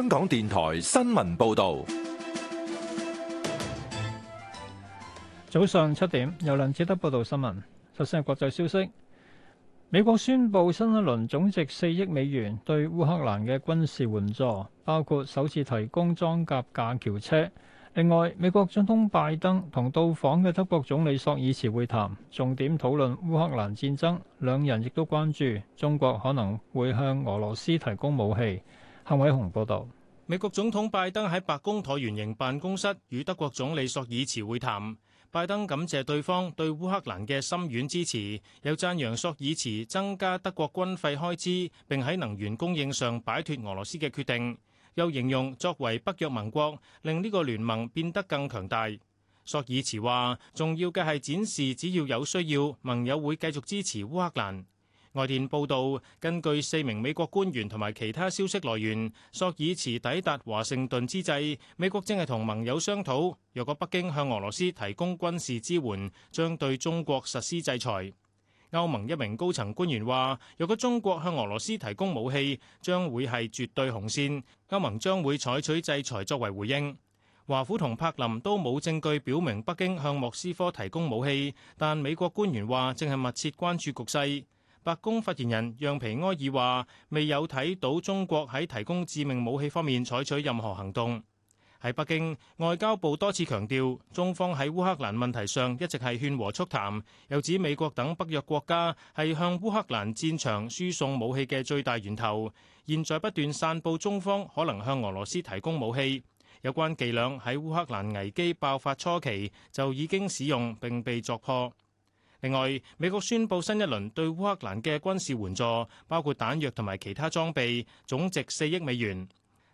香港電台新聞報道，早上七點，由梁志德報道新聞。首先係國際消息，美國宣布新一輪總值四億美元對烏克蘭嘅軍事援助，包括首次提供裝甲架橋車。另外，美國總統拜登同到訪嘅德國總理索爾茨會談，重點討論烏克蘭戰爭，兩人亦都關注中國可能會向俄羅斯提供武器。湯偉雄報道，美國總統拜登喺白宮橢圓形辦公室與德國總理索爾茨會談。拜登感謝對方對烏克蘭嘅深遠支持，又讚揚索爾茨增加德國軍費開支，並喺能源供應上擺脫俄羅斯嘅決定，又形容作為北約盟國，令呢個聯盟變得更強大。索爾茨話，重要嘅係展示只要有需要，盟友會繼續支持烏克蘭。外電報道，根據四名美國官員同埋其他消息來源，索爾茨抵達華盛頓之際，美國正係同盟友商討，若果北京向俄羅斯提供軍事支援，將對中國實施制裁。歐盟一名高層官員話，若果中國向俄羅斯提供武器，將會係絕對紅線，歐盟將會採取制裁作為回應。華府同柏林都冇證據表明北京向莫斯科提供武器，但美國官員話正係密切關注局勢。白宮發言人讓皮埃爾話：未有睇到中國喺提供致命武器方面採取任何行動。喺北京，外交部多次強調，中方喺烏克蘭問題上一直係勸和促談。又指美國等北約國家係向烏克蘭戰場輸送武器嘅最大源頭。現在不斷散佈中方可能向俄羅斯提供武器，有關伎倆喺烏克蘭危機爆發初期就已經使用並被戳破。另外，美國宣布新一輪對烏克蘭嘅軍事援助，包括彈藥同埋其他裝備，總值四億美元。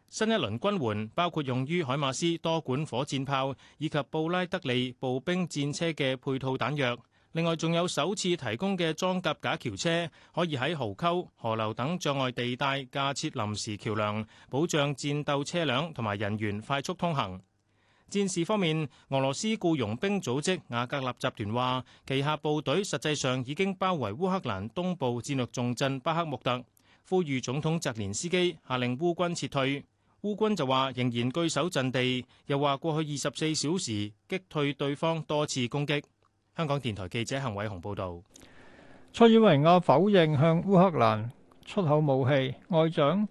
新一輪軍援包括用於海馬斯多管火箭炮以及布拉德利步兵戰車嘅配套彈藥，另外仲有首次提供嘅裝甲架橋車，可以喺壕溝、河流等障礙地帶架設臨時橋梁，保障戰鬥車輛同埋人員快速通行。戰事方面，俄羅斯僱傭兵組織瓦格納集團話，旗下部隊實際上已經包圍烏克蘭東部戰略重鎮巴克穆特，呼籲總統澤連斯基下令烏軍撤退。烏軍就話仍然據守陣地，又話過去二十四小時擊退對方多次攻擊。香港電台記者陳偉雄報導。塞爾維亞否認向烏克蘭出口武器，外長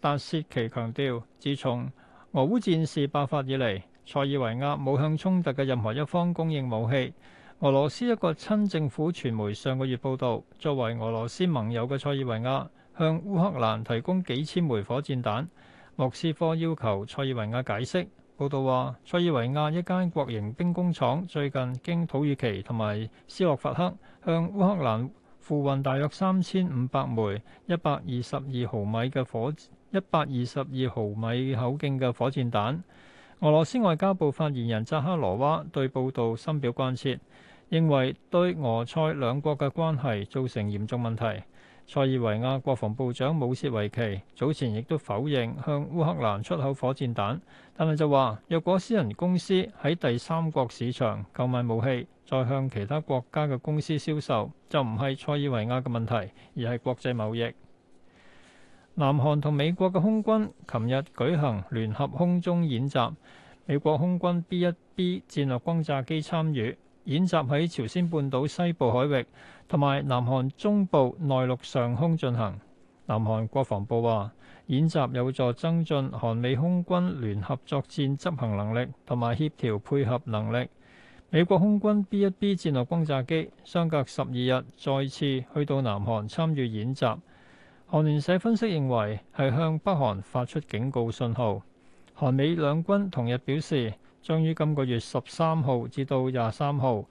達薛奇強調，自從俄烏戰事爆發以嚟。塞爾維亞冇向衝突嘅任何一方供應武器。俄羅斯一個親政府傳媒上個月報道，作為俄羅斯盟友嘅塞爾維亞向烏克蘭提供幾千枚火箭彈。莫斯科要求塞爾維亞解釋。報道話，塞爾維亞一間國營兵工廠最近經土耳其同埋斯洛伐克向烏克蘭付運大約三千五百枚一百二十二毫米嘅火一百二十二毫米口徑嘅火箭彈。俄羅斯外交部發言人扎哈羅娃對報導深表關切，認為對俄塞兩國嘅關係造成嚴重問題。塞爾維亞國防部長武切維奇早前亦都否認向烏克蘭出口火箭彈，但係就話若果私人公司喺第三國市場購買武器，再向其他國家嘅公司銷售，就唔係塞爾維亞嘅問題，而係國際貿易。南韓同美國嘅空軍琴日舉行聯合空中演習，美國空軍 B 一 B 戰略轟炸機參與演習喺朝鮮半島西部海域同埋南韓中部內陸上空進行。南韓國防部話，演習有助增進韓美空軍聯合作戰執行能力同埋協調配合能力。美國空軍 B 一 B 戰略轟炸機相隔十二日再次去到南韓參與演習。韓聯社分析認為係向北韓發出警告信號。韓美兩軍同日表示，將於今個月十三號至到廿三號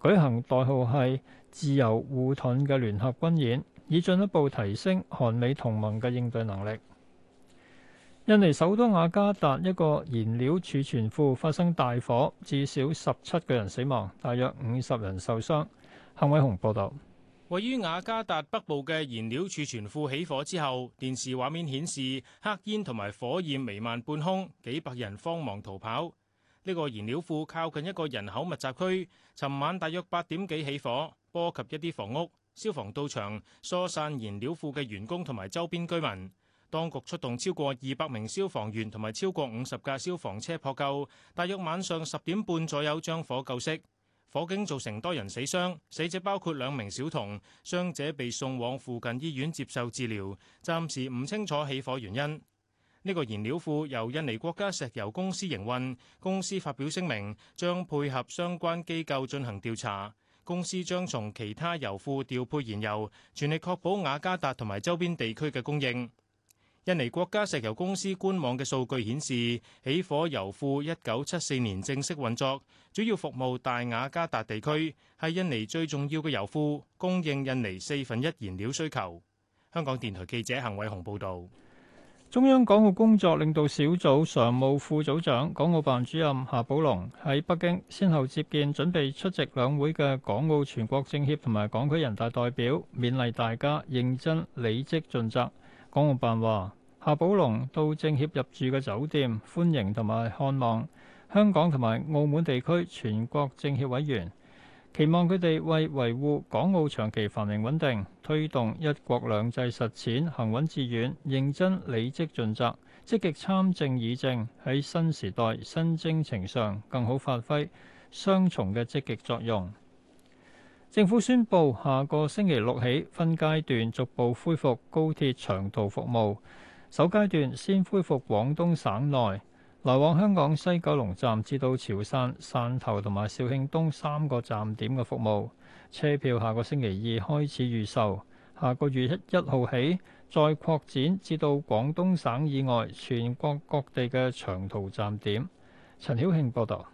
舉行代號係「自由護盾」嘅聯合軍演，以進一步提升韓美同盟嘅應對能力。印尼首都雅加達一個燃料儲存庫發生大火，至少十七個人死亡，大約五十人受傷。幸偉雄報道。位於雅加達北部嘅燃料儲存庫起火之後，電視畫面顯示黑煙同埋火焰瀰漫半空，幾百人慌忙逃跑。呢、這個燃料庫靠近一個人口密集區，尋晚大約八點幾起火，波及一啲房屋。消防到場疏散燃料庫嘅員工同埋周邊居民，當局出動超過二百名消防員同埋超過五十架消防車撲救，大約晚上十點半左右將火救熄。火警造成多人死傷，死者包括兩名小童，傷者被送往附近醫院接受治療，暫時唔清楚起火原因。呢個燃料庫由印尼國家石油公司營運，公司發表聲明，將配合相關機構進行調查。公司將從其他油庫調配燃油，全力確保雅加達同埋周邊地區嘅供應。印尼國家石油公司官網嘅數據顯示，起火油庫一九七四年正式運作，主要服務大雅加達地區，係印尼最重要嘅油庫，供應印尼四分一燃料需求。香港電台記者邢偉雄報道。中央港澳工作領導小組常務副組長、港澳辦主任夏寶龍喺北京先後接見準備出席兩會嘅港澳全國政協同埋港區人大代表，勉勵大家認真履職盡責。港澳辦話，夏寶龍到政協入住嘅酒店歡迎同埋看望香港同埋澳門地區全國政協委員，期望佢哋為維護港澳長期繁榮穩定，推動一國兩制實踐行穩致遠，認真履職盡責，積極參政議政，喺新時代新征程上更好發揮雙重嘅積極作用。政府宣布，下個星期六起分階段逐步恢復高鐵長途服務，首階段先恢復廣東省內，來往香港西九龍站至到潮汕、汕頭同埋肇慶東三個站點嘅服務，車票下個星期二開始預售。下個月一號起再擴展至到廣東省以外全國各地嘅長途站點。陳曉慶報道。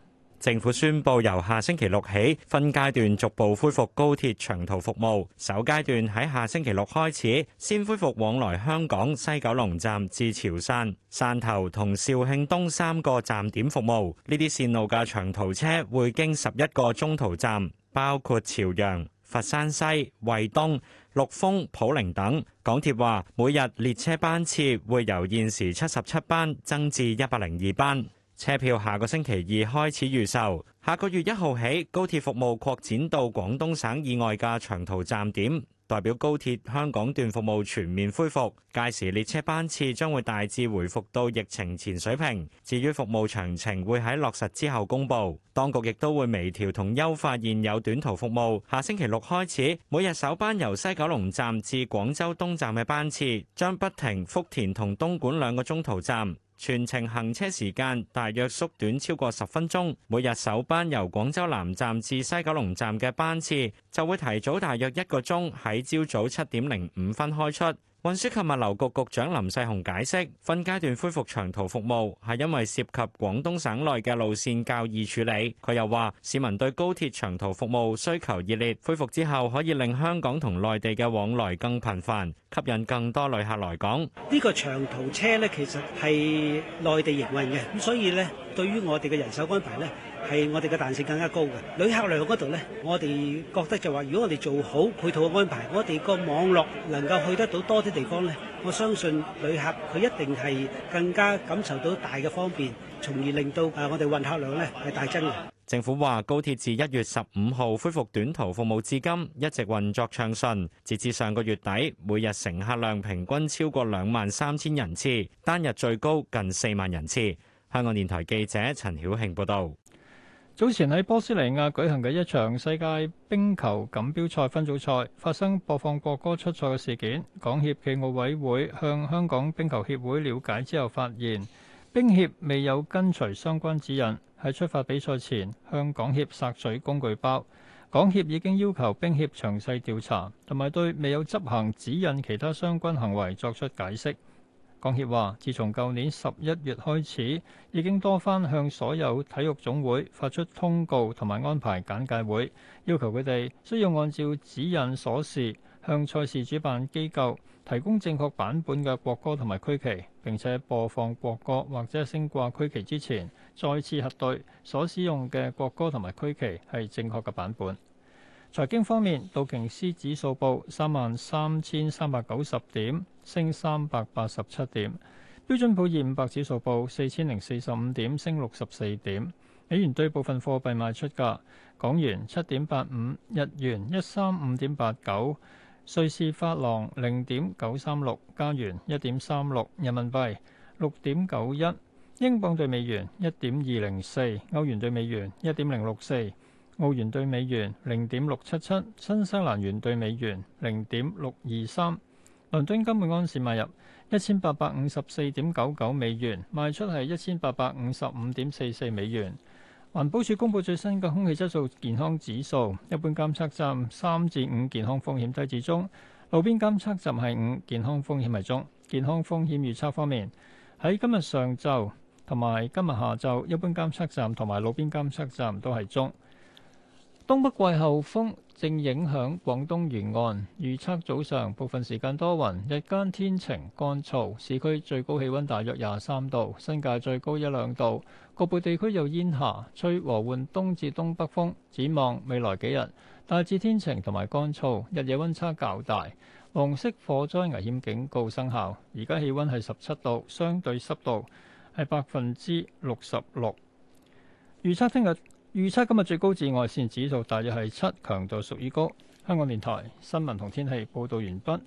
政府宣布由下星期六起，分階段逐步恢復高鐵長途服務，首階段喺下星期六開始，先恢復往來香港西九龍站至潮汕、汕頭同肇慶東三個站點服務。呢啲線路嘅長途車會經十一個中途站，包括潮陽、佛山西、惠東、陸豐、普寧等。港鐵話，每日列車班次會由現時七十七班增至一百零二班。車票下個星期二開始預售，下個月一號起，高鐵服務擴展到廣東省以外嘅長途站點，代表高鐵香港段服務全面恢復。屆時列車班次將會大致回復到疫情前水平。至於服務詳情，會喺落實之後公布。當局亦都會微調同優化現有短途服務。下星期六開始，每日首班由西九龍站至廣州東站嘅班次，將不停福田同東莞兩個中途站。全程行車時間大約縮短超過十分鐘，每日首班由廣州南站至西九龍站嘅班次就會提早大約一個鐘，喺朝早七點零五分開出。。運輸及物流局局長林世雄解釋，分階段恢復長途服務係因為涉及廣東省內嘅路綫較易處理。佢又話，市民對高鐵長途服務需求熱烈，恢復之後可以令香港同內地嘅往來更頻繁，吸引更多旅客來港。呢個長途車咧，其實係內地營運嘅，咁所以咧。對於我哋嘅人手安排呢，係我哋嘅彈性更加高嘅。旅客量嗰度呢，我哋覺得就話，如果我哋做好配套嘅安排，我哋個網絡能夠去得到多啲地方呢，我相信旅客佢一定係更加感受到大嘅方便，從而令到啊我哋運客量呢係大增嘅。政府話，高鐵自一月十五號恢復短途服務至今，一直運作暢順。截至上個月底，每日乘客量平均超過兩萬三千人次，單日最高近四萬人次。香港電台記者陳曉慶報道，早前喺波斯尼亞舉行嘅一場世界冰球錦標賽分組賽發生播放國歌出賽嘅事件，港協暨奧委會向香港冰球協會了解之後發現，冰協未有跟隨相關指引，喺出發比賽前向港協索取工具包。港協已經要求冰協詳細調查，同埋對未有執行指引其他相關行為作出解釋。港協話，自從舊年十一月開始，已經多番向所有體育總會發出通告同埋安排簡介會，要求佢哋需要按照指引所示，向賽事主辦機構提供正確版本嘅國歌同埋區旗，並且播放國歌或者升掛區旗之前，再次核對所使用嘅國歌同埋區旗係正確嘅版本。財經方面，道瓊斯指數報三萬三千三百九十點，升三百八十七點；標準普爾五百指數報四千零四十五點，升六十四點。美元兌部分貨幣賣出價：港元七點八五，日元一三五點八九，瑞士法郎零點九三六，加元一點三六，人民幣六點九一，英鎊對美元一點二零四，歐元對美元一點零六四。澳元兌美元零點六七七，新西蘭元兌美元零點六二三。倫敦金每安士買入一千八百五十四點九九美元，賣出係一千八百五十五點四四美元。環保署公布最新嘅空氣質素健康指數，一般監測站三至五健康風險低至中，路邊監測站係五健康風險係中。健康風險預測方面，喺今日上晝同埋今日下晝，一般監測站同埋路邊監測站都係中。東北季候風正影響廣東沿岸，預測早上部分時間多雲，日間天晴乾燥，市區最高氣温大約廿三度，新界最高一兩度。局部地區有煙霞，吹和緩東至東北風。展望未來幾日，大致天晴同埋乾燥，日夜温差較大。黃色火災危險警告生效。而家氣温係十七度，相對濕度係百分之六十六。預測聽日。預測今日最高紫外線指數大約係七，強度屬於高。香港電台新聞同天氣報導完畢。